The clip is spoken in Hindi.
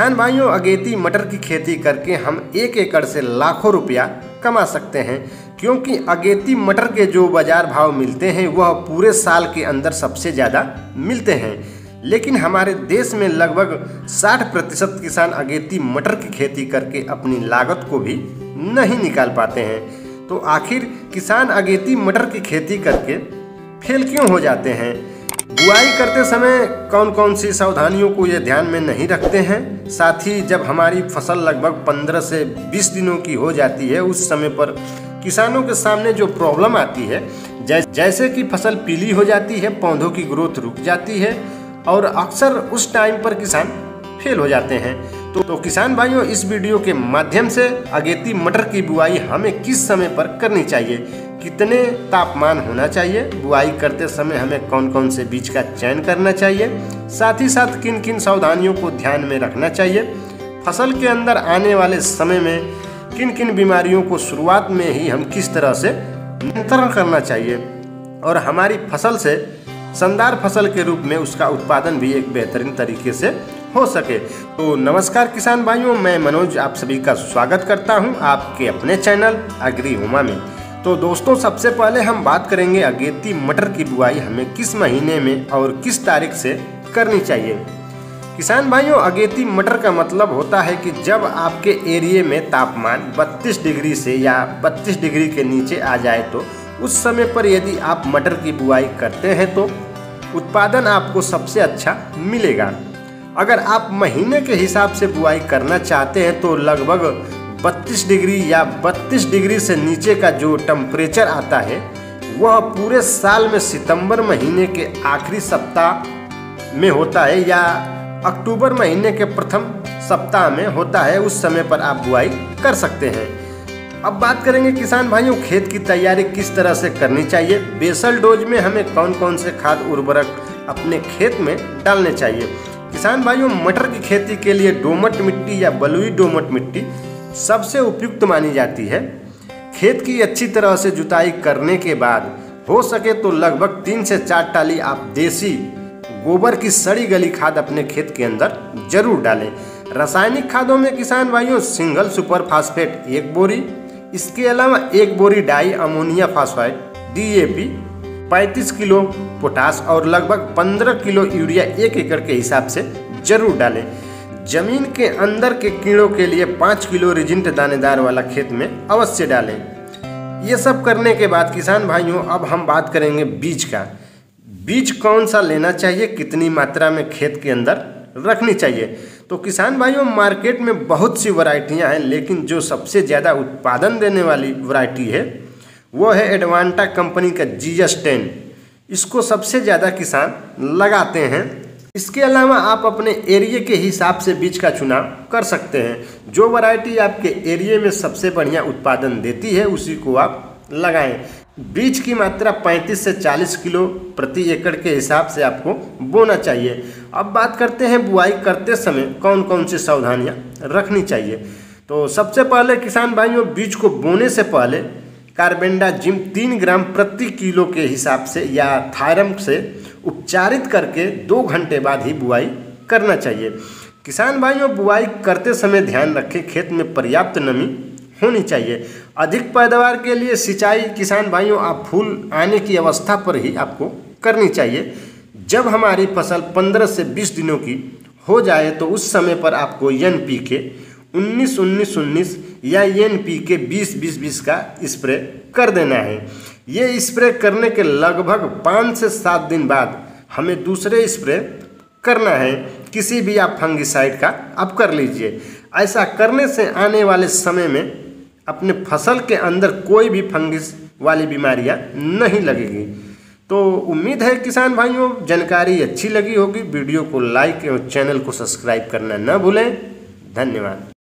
किसान भाइयों अगेती मटर की खेती करके हम एक एकड़ से लाखों रुपया कमा सकते हैं क्योंकि अगेती मटर के जो बाज़ार भाव मिलते हैं वह पूरे साल के अंदर सबसे ज़्यादा मिलते हैं लेकिन हमारे देश में लगभग 60 प्रतिशत किसान अगेती मटर की खेती करके अपनी लागत को भी नहीं निकाल पाते हैं तो आखिर किसान अगेती मटर की खेती करके फेल क्यों हो जाते हैं बुआई करते समय कौन कौन सी सावधानियों को ये ध्यान में नहीं रखते हैं साथ ही जब हमारी फसल लगभग 15 से 20 दिनों की हो जाती है उस समय पर किसानों के सामने जो प्रॉब्लम आती है जैसे कि फसल पीली हो जाती है पौधों की ग्रोथ रुक जाती है और अक्सर उस टाइम पर किसान फेल हो जाते हैं तो, तो किसान भाइयों इस वीडियो के माध्यम से अगेती मटर की बुआई हमें किस समय पर करनी चाहिए कितने तापमान होना चाहिए बुआई करते समय हमें कौन कौन से बीज का चयन करना चाहिए साथ ही साथ किन किन सावधानियों को ध्यान में रखना चाहिए फसल के अंदर आने वाले समय में किन किन बीमारियों को शुरुआत में ही हम किस तरह से नियंत्रण करना चाहिए और हमारी फसल से शानदार फसल के रूप में उसका उत्पादन भी एक बेहतरीन तरीके से हो सके तो नमस्कार किसान भाइयों मैं मनोज आप सभी का स्वागत करता हूं आपके अपने चैनल अग्री हुमा में तो दोस्तों सबसे पहले हम बात करेंगे अगेती मटर की बुआई हमें किस महीने में और किस तारीख से करनी चाहिए किसान भाइयों अगेती मटर का मतलब होता है कि जब आपके एरिए में तापमान 32 डिग्री से या 32 डिग्री के नीचे आ जाए तो उस समय पर यदि आप मटर की बुआई करते हैं तो उत्पादन आपको सबसे अच्छा मिलेगा अगर आप महीने के हिसाब से बुआई करना चाहते हैं तो लगभग बत्तीस डिग्री या बत्तीस डिग्री से नीचे का जो टेम्परेचर आता है वह पूरे साल में सितंबर महीने के आखिरी सप्ताह में होता है या अक्टूबर महीने के प्रथम सप्ताह में होता है उस समय पर आप बुआई कर सकते हैं अब बात करेंगे किसान भाइयों खेत की तैयारी किस तरह से करनी चाहिए बेसल डोज में हमें कौन कौन से खाद उर्वरक अपने खेत में डालने चाहिए किसान भाइयों मटर की खेती के लिए डोमट मिट्टी या बलुई डोमट मिट्टी सबसे उपयुक्त मानी जाती है खेत की अच्छी तरह से जुताई करने के बाद हो सके तो लगभग तीन से चार टाली आप देसी गोबर की सड़ी गली खाद अपने खेत के अंदर जरूर डालें रासायनिक खादों में किसान भाइयों सिंगल सुपर फास्फेट एक बोरी इसके अलावा एक बोरी di ammonia phosphide DAP 35 kilo potash और लगभग 15 किलो यूरिया एक एकड़ के हिसाब से जरूर डालें जमीन के अंदर के कीड़ों के लिए पाँच किलो रिजिंट दानेदार वाला खेत में अवश्य डालें ये सब करने के बाद किसान भाइयों अब हम बात करेंगे बीज का बीज कौन सा लेना चाहिए कितनी मात्रा में खेत के अंदर रखनी चाहिए तो किसान भाइयों मार्केट में बहुत सी वरायटियाँ हैं लेकिन जो सबसे ज़्यादा उत्पादन देने वाली वरायटी है वो है एडवांटा कंपनी का जी एस टेन इसको सबसे ज़्यादा किसान लगाते हैं इसके अलावा आप अपने एरिए के हिसाब से बीज का चुनाव कर सकते हैं जो वैरायटी आपके एरिए में सबसे बढ़िया उत्पादन देती है उसी को आप लगाएं बीज की मात्रा 35 से 40 किलो प्रति एकड़ के हिसाब से आपको बोना चाहिए अब बात करते हैं बुआई करते समय कौन कौन सी सावधानियाँ रखनी चाहिए तो सबसे पहले किसान भाइयों बीज को बोने से पहले कार्बेंडाजिम तीन ग्राम प्रति किलो के हिसाब से या थायरम से उपचारित करके दो घंटे बाद ही बुआई करना चाहिए किसान भाइयों बुआई करते समय ध्यान रखें खेत में पर्याप्त नमी होनी चाहिए अधिक पैदावार के लिए सिंचाई किसान भाइयों आप फूल आने की अवस्था पर ही आपको करनी चाहिए जब हमारी फसल 15 से 20 दिनों की हो जाए तो उस समय पर आपको एन पी के उन्नीस उन्नीस उन्नीस या एन पी के बीस बीस बीस का स्प्रे कर देना है ये स्प्रे करने के लगभग पाँच से सात दिन बाद हमें दूसरे स्प्रे करना है किसी भी आप फंगिसाइड का आप कर लीजिए ऐसा करने से आने वाले समय में अपने फसल के अंदर कोई भी फंगिस वाली बीमारियां नहीं लगेगी तो उम्मीद है किसान भाइयों जानकारी अच्छी लगी होगी वीडियो को लाइक और चैनल को सब्सक्राइब करना न भूलें धन्यवाद